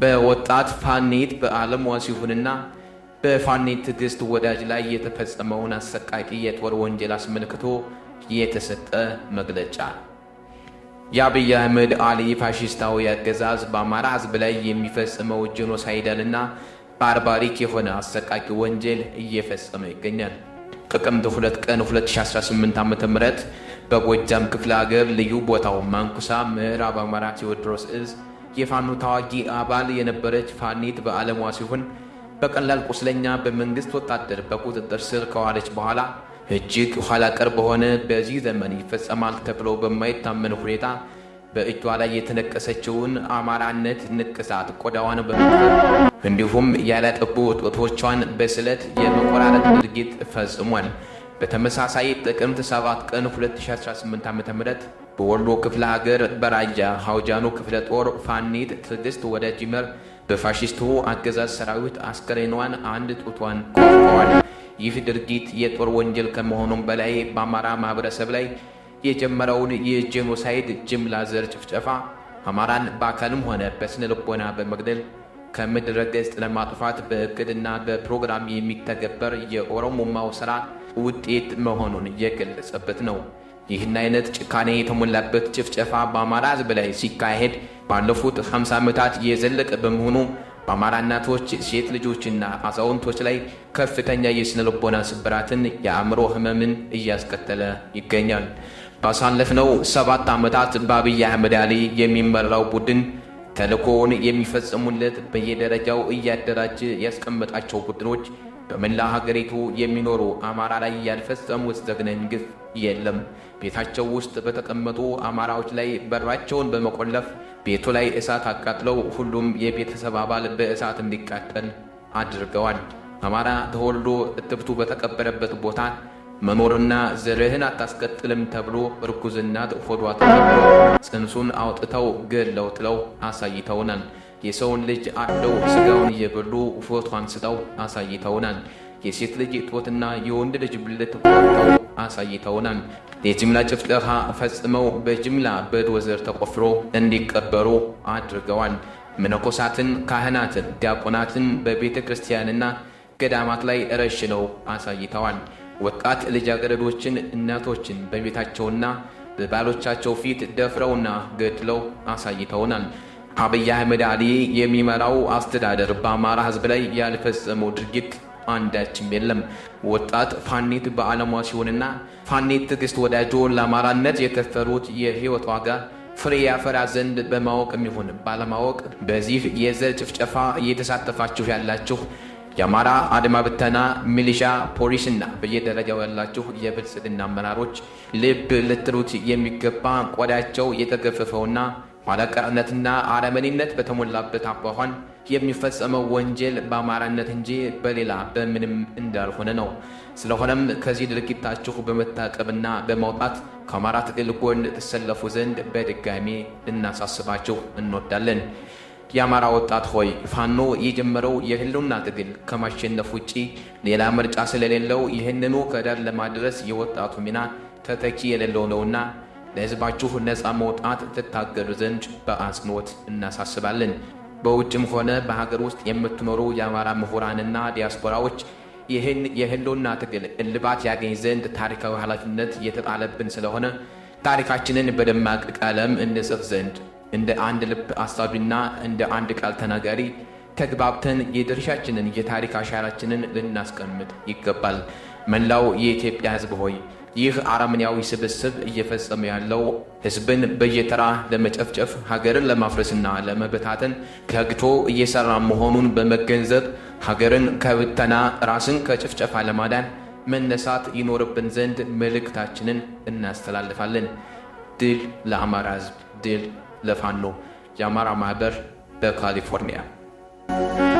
በወጣት ፋኔት በዓለም ዋሲሁንና በፋኔት ትዕግስት ወዳጅ ላይ የተፈጸመውን አሰቃቂ የጦር ወንጀል አስመልክቶ የተሰጠ መግለጫ። የአብይ አህመድ አሊ ፋሽስታዊ አገዛዝ በአማራ ህዝብ ላይ የሚፈጽመው ጄኖሳይዳልና ባርባሪክ የሆነ አሰቃቂ ወንጀል እየፈጸመ ይገኛል። ጥቅምት 2 ቀን 2018 ዓ ም በጎጃም ክፍለ ሀገር ልዩ ቦታው ማንኩሳ ምዕራብ አማራ ቴዎድሮስ እዝ የፋኖ ታዋጊ አባል የነበረች ፋኒት በዓለሟ ሲሆን በቀላል ቁስለኛ በመንግስት ወታደር በቁጥጥር ስር ከዋለች በኋላ እጅግ ኋላ ቀር በሆነ በዚህ ዘመን ይፈጸማል ተብሎ በማይታመን ሁኔታ በእጇ ላይ የተነቀሰችውን አማራነት ንቅሳት ቆዳዋን በ እንዲሁም ያለጠቡ ጡቶቿን በስለት የመቆራረጥ ድርጊት ፈጽሟል። በተመሳሳይ ጥቅምት 7 ቀን 2018 ዓ ም በወሎ ክፍለ ሀገር በራያ ሀውጃኑ ክፍለ ጦር ፋኒት ትዕግስት ወደ ጂመር በፋሽስቱ አገዛዝ ሰራዊት አስከሬኗን አንድ ጡቷን ቆርጠዋል። ይህ ድርጊት የጦር ወንጀል ከመሆኑም በላይ በአማራ ማህበረሰብ ላይ የጀመረውን የጄኖሳይድ ጅምላ ዘር ጭፍጨፋ አማራን በአካልም ሆነ በስነ ልቦና በመግደል ከምድረ ገጽ ለማጥፋት በእቅድና በፕሮግራም የሚተገበር የኦሮሞማው ስራ ውጤት መሆኑን እየገለጸበት ነው። ይህን አይነት ጭካኔ የተሞላበት ጭፍጨፋ በአማራ ሕዝብ ላይ ሲካሄድ ባለፉት 50 ዓመታት የዘለቀ በመሆኑ በአማራ እናቶች፣ ሴት ልጆችና አዛውንቶች ላይ ከፍተኛ የስነልቦና ስብራትን፣ የአእምሮ ህመምን እያስከተለ ይገኛል። ባሳለፍነው ሰባት ዓመታት በአብይ አህመድ አሊ የሚመራው ቡድን ተልእኮውን የሚፈጽሙለት በየደረጃው እያደራጀ ያስቀመጣቸው ቡድኖች በመላ ሀገሪቱ የሚኖሩ አማራ ላይ ያልፈጸሙት ዘግናኝ ግፍ የለም። ቤታቸው ውስጥ በተቀመጡ አማራዎች ላይ በራቸውን በመቆለፍ ቤቱ ላይ እሳት አቃጥለው ሁሉም የቤተሰብ አባል በእሳት እንዲቃጠል አድርገዋል። አማራ ተወልዶ እትብቱ በተቀበረበት ቦታ መኖርና ዘርህን አታስቀጥልም ተብሎ እርጉዝ እናት ሆዷ ጽንሱን አውጥተው ትለው አሳይተውናል። የሰውን ልጅ አርደው ስጋውን እየበሉ ፎቶ አንስተው አሳይተውናል። የሴት ልጅ ጡትና የወንድ ልጅ ብልት ቆርጠው አሳይተውናል። የጅምላ ጭፍጨፋ ፈጽመው በጅምላ በዶዘር ተቆፍሮ እንዲቀበሩ አድርገዋል። መነኮሳትን፣ ካህናትን፣ ዲያቆናትን በቤተ ክርስቲያንና ገዳማት ላይ ረሽነው አሳይተዋል። ወጣት ልጃገረዶችን፣ እናቶችን በቤታቸውና በባሎቻቸው ፊት ደፍረውና ገድለው አሳይተውናል። አብይ አህመድ አሊ የሚመራው አስተዳደር በአማራ ህዝብ ላይ ያልፈጸመው ድርጊት አንዳችም የለም። ወጣት ፋኒት በዓለሟ ሲሆንና ፋኔት ትዕግስት ወዳጆ ለአማራነት የተፈሩት የህይወት ዋጋ ፍሬ ያፈራ ዘንድ በማወቅ የሚሆን ባለማወቅ በዚህ የዘር ጭፍጨፋ እየተሳተፋችሁ ያላችሁ የአማራ አድማ ብተና ሚሊሻ ፖሊስና በየደረጃው ያላችሁ የብልጽግና አመራሮች ልብ ልትሉት የሚገባ ቆዳቸው የተገፈፈውና ባለቀርነትና አረመኔነት በተሞላበት አኳኋን የሚፈጸመው ወንጀል በአማራነት እንጂ በሌላ በምንም እንዳልሆነ ነው። ስለሆነም ከዚህ ድርጊታችሁ በመታቀብና በማውጣት ከአማራ ትግል ጎን ትሰለፉ ዘንድ በድጋሚ ልናሳስባችሁ እንወዳለን። የአማራ ወጣት ሆይ ፋኖ የጀመረው የህልውና ትግል ከማሸነፍ ውጪ ሌላ ምርጫ ስለሌለው ይህንኑ ከዳር ለማድረስ የወጣቱ ሚና ተተኪ የሌለው ነውና ለሕዝባችሁ ነፃ መውጣት ትታገዱ ዘንድ በአጽንኦት እናሳስባለን። በውጭም ሆነ በሀገር ውስጥ የምትኖሩ የአማራ ምሁራንና ዲያስፖራዎች ይህን የህልውና ትግል እልባት ያገኝ ዘንድ ታሪካዊ ኃላፊነት እየተጣለብን ስለሆነ ታሪካችንን በደማቅ ቀለም እንጽፍ ዘንድ እንደ አንድ ልብ አሳቢና እንደ አንድ ቃል ተናጋሪ ተግባብተን የድርሻችንን የታሪክ አሻራችንን ልናስቀምጥ ይገባል። መላው የኢትዮጵያ ሕዝብ ሆይ ይህ አረመኔያዊ ስብስብ እየፈጸመ ያለው ህዝብን በየተራ ለመጨፍጨፍ ሀገርን ለማፍረስና ለመበታተን ተግቶ እየሰራ መሆኑን በመገንዘብ ሀገርን ከብተና ራስን ከጭፍጨፋ ለማዳን መነሳት ይኖርብን ዘንድ መልእክታችንን እናስተላልፋለን። ድል ለአማራ ህዝብ! ድል ለፋኖ! የአማራ ማህበር በካሊፎርኒያ